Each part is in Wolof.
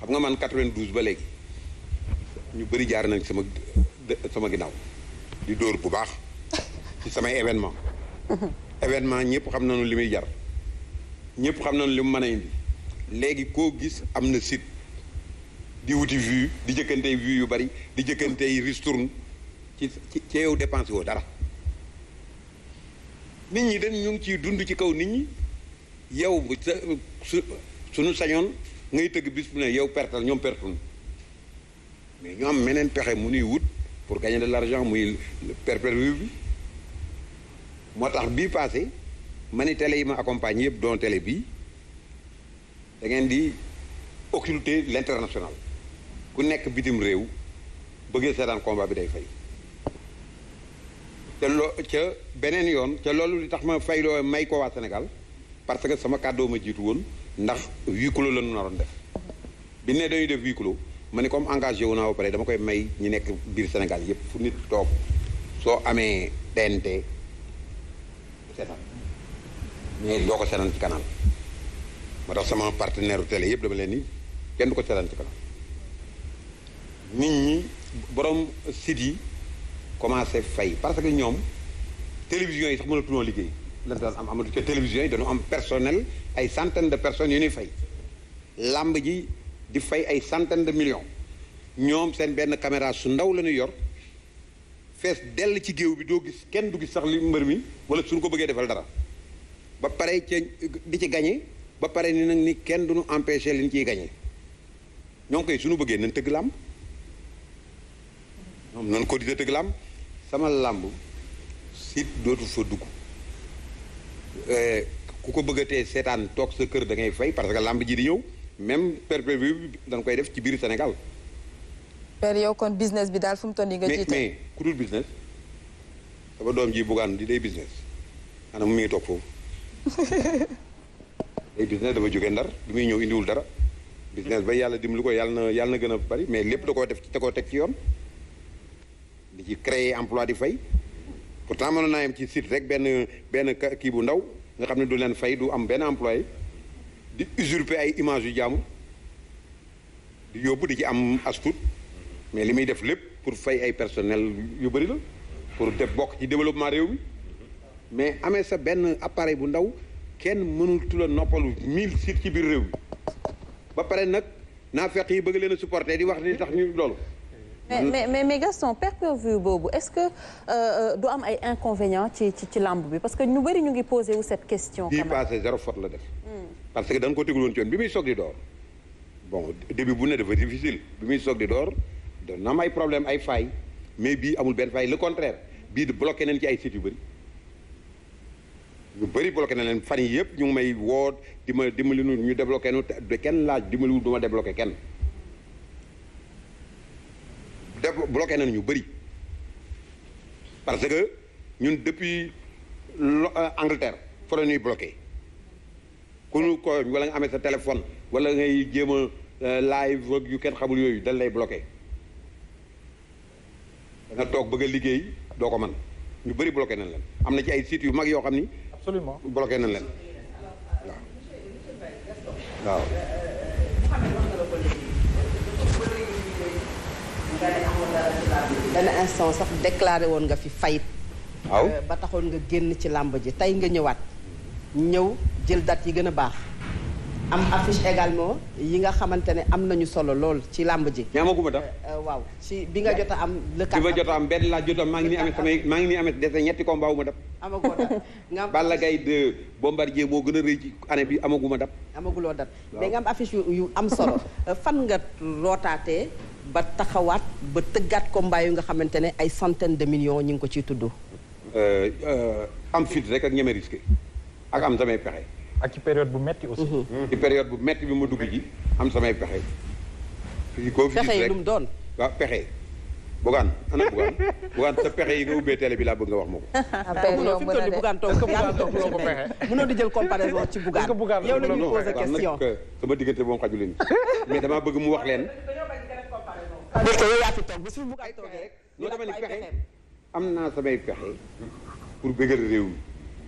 xam nga man 92 ba léegi ñu bëri jaar nañ sama sama ginnaaw di dóor bu baax ci samay événement événement ñëpp xam nañu li muy jar ñëpp xam nañu li mu mën a indi léegi koo gis am na sit di wuti vue di jëkkantey vue yu bari di jëkkantey ristourne ci ci yow dépensé woo dara nit ñi dañ ñu ci ciy dund ci kaw nit ñi yow su suñu sañoon ngay tëgg bis yow pertal ñoom pertal mais ñoo am meneen pexe mu nuy wut pour gagner de l'argent muy perpervue bi moo tax bii passé ma ni télé yi ma accompagne yëpp doon télé bii da ngeen di occulter l'international ku nekk bitim réew bëggee seetaan combat bi day fay te loo ca beneen yoon ca loolu li tax ma fayloo may ko waa Sénégal parce que sama kàddoo ma jiitu woon ndax huis clos la ñu naroon def bi ne dañuy def huis clos ma ne comme engagé wu naa ba pare dama koy may ñi nekk biir Sénégal yëpp fu nit toog soo amee TNT mu mais doo ko seetaan ci canal moo tax sama partenaire télé yëpp dama leen ni kenn du ko seetaan ci canal nit ñi borom site yi commencé fay parce que ñoom télévision yi sax mënatuñoo liggéey la daan am amatu ca télévision yi dañu am personnel ay centaine de personnes yu ñuy fay làmb ji di fay ay centaine de millions ñoom seen benn caméra su ndaw la ñu yor fees dell ci géew bi doo gis kenn du gis sax li mbër mi wala suñu ko bëggee defal dara ba pare ca di ci gañe ba pare ni nag ni kenn du ñu empêché liñ ciy gañe ñoo ngi koy suñu bëggee nañ tëgg làmb moom nañ koo di tëgg làmb sama làmb sit dootul fa dugg Eh, ku ko bëggatee seetaan toog sa kër da ngay fay parce que lamb ji di ñëw même per bi danga koy def ci biir Sénégal. per yow kon business bi daal fu mu toll nga jiite mais mais ku dul business doom ji bugaan di day business maanaam mu ngi toog foofu. day business dafa jógee ndar bi muy ñëw indiwul dara. business ba yàlla dimbali ko yàlla na yàlla na gën a bari mais lépp da koo def te koo teg ci yoon. di ci créer emploi di fay. pourtant mënoon naa yem ci site rek benn benn kii bu ndaw nga xam ne du leen fay du am benn employé di usurper ay image yu jaamu di yóbbu di ci am astut mais li muy def lépp pour fay ay personnel yu bëri la pour def bokk ci développement réew mi mais amee sa benn appareil bu ndaw kenn mënul la noppalu mille sites ci biir réew mi ba pare nag naa fekk yi bëgg leen a supporter di wax ni tax ñu loolu mais mais mais mais Gaston per view boobu est-ce que euh, du am ay inconvénients ci ci bi parce que ñu bëri ñu ngi posé wu cette question. bii passé zéro faute la def. Hmm. parce que dañ ko tegul woon ci yoon bi muy soog di door. bon début bu ne dafa difficile bi muy soog di door na am ay problème ay fay mais bii amul benn faille le contraire bii di bloqué nañ ci ay sites yu bëri. ñu bëri bloqué na leen fan yi yëpp ñu ngi may woo di ma dimbali ñu débloqué nu te kenn laaj dimbaliwul du ma débloqué kenn. def bloqué nañu ñu bëri parce que ñun depuis euh, Angleterre fa la ñuy bloqué ku ñu ko wala nga amee sa téléphone wala ngay jéem a euh, live yu kenn xamul yooyu dañ lay bloqué danga toog bëgg a liggéey doo ko mën ñu bëri bloqué nañ leen am na ci ay sites yu mag yoo xam ni. absolument bloqué nañ leen waaw. benn instant sax déclaré woon nga fi fayit waaw euh, ba taxoon nga génn ci làmb ji tey nga ñëwaat ñëw jël date yi gën a baax am affiche également yi nga xamante ne am nañu solo lool ci làmb ji ñaamaguma tax euh, euh, waaw ci bi nga jot am le bi ma am benn laa jot maa ngi nii amee samay maa ngi nii amee dese ñetti combat wu ma dab amagoo dab nga am moo gën a rëy ci année bi amaguma dab amaguloo dab mais nga am affiche yu am solo fan nga rootaatee ba taxawaat ba tëggaat combat yu nga xamante ne ay centaines de million ñu ngi ko ciy tudd. Euh, euh, am fit rek ak ñeme risqué ak am samay pexe. ak ci période bu metti aussi. Mhm. Mm-hmm. ci période bu metti bi ma dugg ji am samay pexe. fii koo fi gis yi mu doon. waaw pexe bugaan ana bugaan bugaan sa pexe yi nga ubbee télé bi laa bëgg nga wax ma ko. Ah, ah, mënoo fi mu toll nii bugaan toog ko pexe. mënoo di jël comparaison ci bugaan. yow la ñuy poser question sama diggante moom xaju mais damaa bëgg mu wax leen. parce que yow yaa fi toog ba suñu bugg a toogee rek ñu dama ni pexe am naa samay pexe pour bëggal réew mi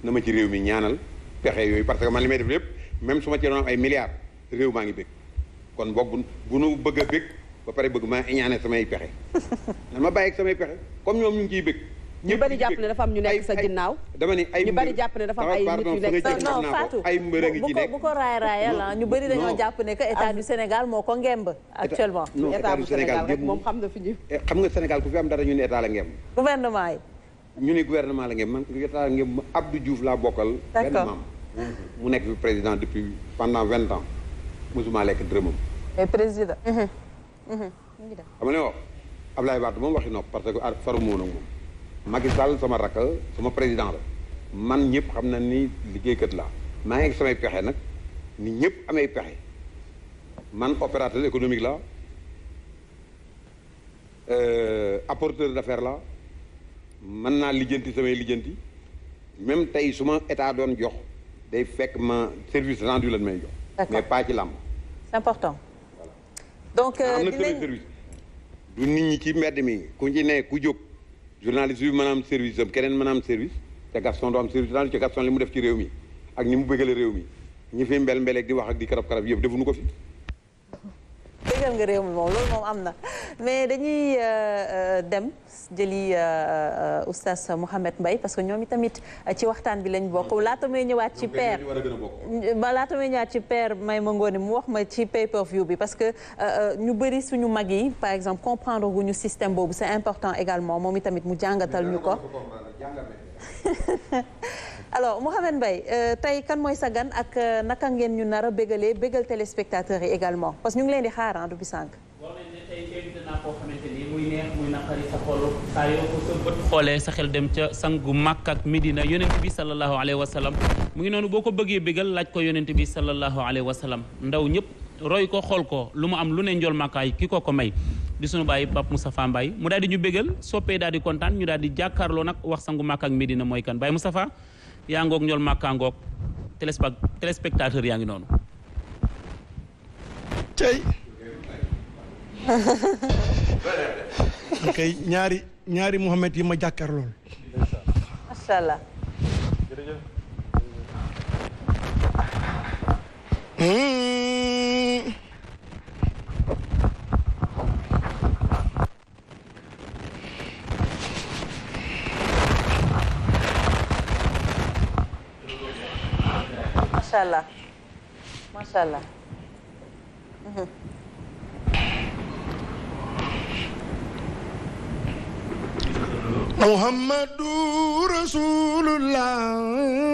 na ma ci réew mi ñaanal pexe yooyu parce que ma li may def lépp même su ma ci am ay milliards réew maa ngi bëgg kon boog bu nu bëgg a bëgg ba pare bëgg maa ñaanal samay pexe nan ma bàyyi ak samay pexe comme ñoom ñu ngi ciy bëgg ñu bari jàpp ne dafa am ñu nekk sa ginnaaw. dama ni ay ñu bari jàpp ne dafa am ay nit yu nekk sa bu ko bu ko raay raayal ah ñu bari dañoo jàpp ne état du Sénégal moo ko ngemb actuellement. état du Sénégal rek moom xam na fi ñi eh, xam nga Sénégal ku fi am dara ñu ne état la ngemb. gouvernement yi. ñu ne guvernement la ngemb man état la ngemb Abdou Diouf laa bokkal. benn mu nekk fi président depuis pendant vingt ans mosuma lekk dërëmam. mais président. xam nga ne wax Ablaye Wade moom waxi nopp parce que faru moo nag Macky Sall sama rakk sama président la man ñëpp xam na ni liggéeykat la maa ngi samay pexe nag nit ñëpp amee pexe man opérateur économique la euh, apporteur d'affaires la mën naa lijjanti samay lijjanti même tey su ma état doon jox day fekk ma service rendu lan may jox. mais pas ci làmb. important. donc euh, du nit ñi ci mbedd mi ku ci ku jóg. journaliste bi mën a am service am keneen mën a am Gaston du am service Gaston li mu def ci réew mi ak ni mu bëggale réew mi ñi fi mbel mbeleeg di wax ak di karab karab yëpp defuñu ko fi dëggal nga réew mi moom loolu moom am na mais dañuy dem jëli oustaz Mouhamed Mbaye parce que ñoom itamit ci waxtaan bi lañ bokk laata may ñëwaat ci père ba laata may ñëwaat ci père may ma ngoone mu wax ma ci pay per view bi parce que ñu bëri suñu mag yi par exemple comprendre gu ñu système boobu c'est important également moom itamit mu jàngatal ñu ko alors Mouhamed mbay euh, tey kan mooy sa gan ak euh, naka ngeen ñu nar a bégalee bégal téléspectateurs yi également parce que ñu ngi leen di xaar du bi sànq. koo xamante ni muy neex saa yoo ko sa bët xoolee sa xel dem ca sangu màkk ak Medina yonent bi sallallahu alayhi wa mu ngi noonu boo ko bëggee bégal laaj ko yonent bi sallallahu alayhi wa ndaw ñëpp roy ko xool ko lu mu am lu ne njool màkkaay ki ko ko may di sunu bàyyi Pape Moustapha Mbaye mu daal di ñu bégal soppee daal di kontaan ñu daal di jàkkaarloo nag wax sangu màkk ak Medina mooy kan Baye Moustapha yaa ngoog ñool màkkaa ngoog téléspectateur yaa ngi noonu tey kay ñaari ñaari yi ma jàkkaar lool macha allah macha allah. Mm-hmm. Muhammadu Rasulullah.